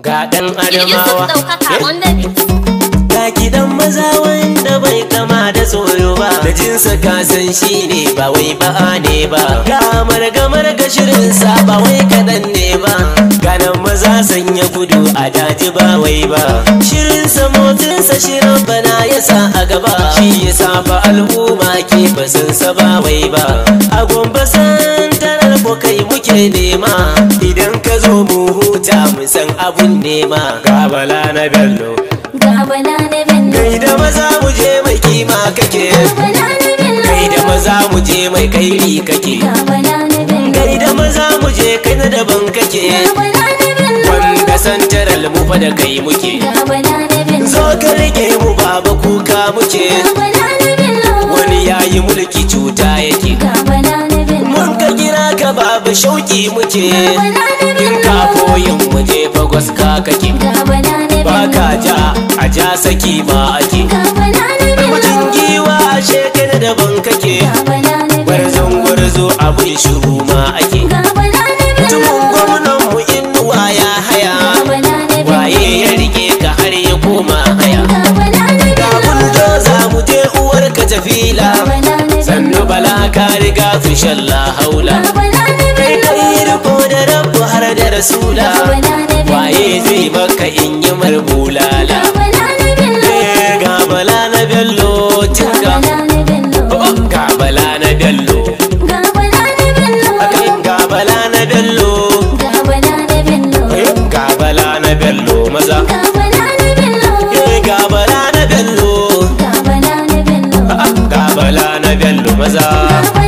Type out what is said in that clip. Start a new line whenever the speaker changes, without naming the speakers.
Ga ɗan adamawa eh? Ga gidan maza wanda bai kama da tsoro ba Da jinsa kasan shi ne ba wai ba'a ne ba Ga marga marga shirinsa ba wai kaɗan ne ba ba sanya gudu a daji ba wai ba shirin sa shirin bana ya sa a gaba shi ya ba al'umma ke sa ba wai ba a gombe tarar ko kai muke nema idan ka zo mu huta mu san abun nema ga bala na bello ga bala na bello kai da maza mu je mai kima kake na bello kai da maza mu je mai kairi kake ga bala na bello kai da maza mu je kai na daban kake ga bala mu fa da kai muke zo ka rike mu baba kuka muke wani yayi mulki cuta yake mun ka kira ka baba shauki muke in ka koyin mu je fagos ka kake ba ka ja a ja saki ba ake mutum giwa a shekara daban kake gwarzon gwarzo abin shuru ma ake mutumin tafila sannu bala ka riga su shalla haula kai kai riko da rabu har da rasula waye zai baka in ah.